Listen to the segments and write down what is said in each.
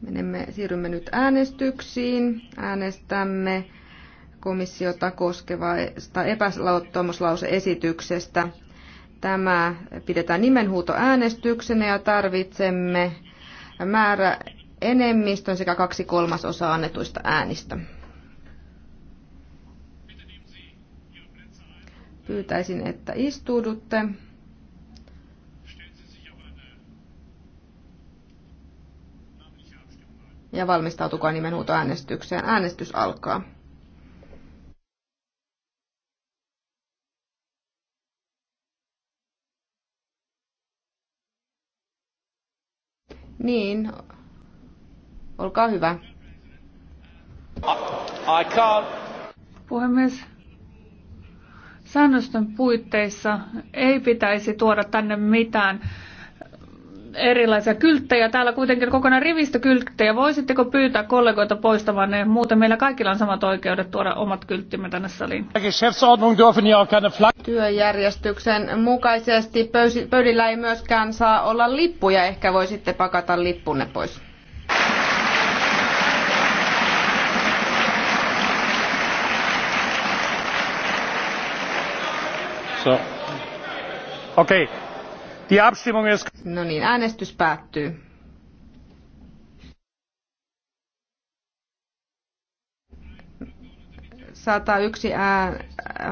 Menemme, siirrymme nyt äänestyksiin. Äänestämme komissiota koskevasta epäluottamuslauseesityksestä. Tämä pidetään äänestyksenä ja tarvitsemme määrä enemmistön sekä kaksi kolmasosaa annetuista äänistä. Pyytäisin, että istuudutte. ja valmistautukaa nimenhuutoäänestykseen. Äänestys alkaa. Niin, olkaa hyvä. I can't. Puhemies, säännösten puitteissa ei pitäisi tuoda tänne mitään erilaisia kylttejä. Täällä kuitenkin kokonaan rivistä kylttejä. Voisitteko pyytää kollegoita poistamaan ne? Muuten meillä kaikilla on samat oikeudet tuoda omat kylttimme tänne saliin. Työjärjestyksen mukaisesti pöydillä ei myöskään saa olla lippuja. Ehkä voisitte pakata lippunne pois. So. Okay. Die Abstimmung ist... No niin, äänestys päättyy. yksi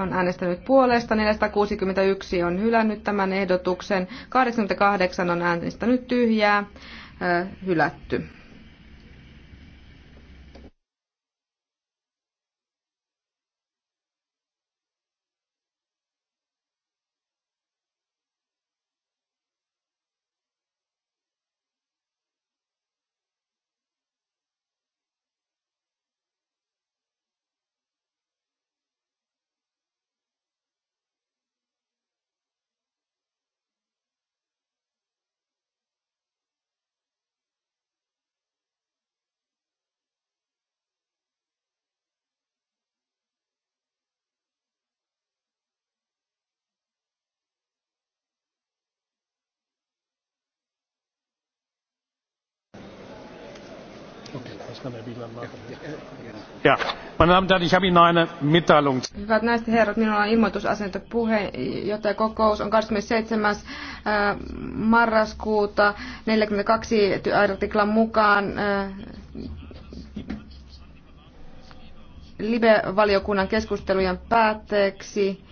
on äänestänyt puolesta, 461 on hylännyt tämän ehdotuksen, 88 on äänestänyt tyhjää, hylätty. Hyvät naiset ja herrat, minulla on ilmoitusasento puheenjohtajakokous on 27. Äh, marraskuuta 42 artiklan mukaan äh, Libe-valiokunnan keskustelujen päätteeksi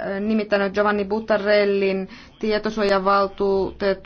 äh, nimittänyt Giovanni Buttarellin tietosuojavaltuutetun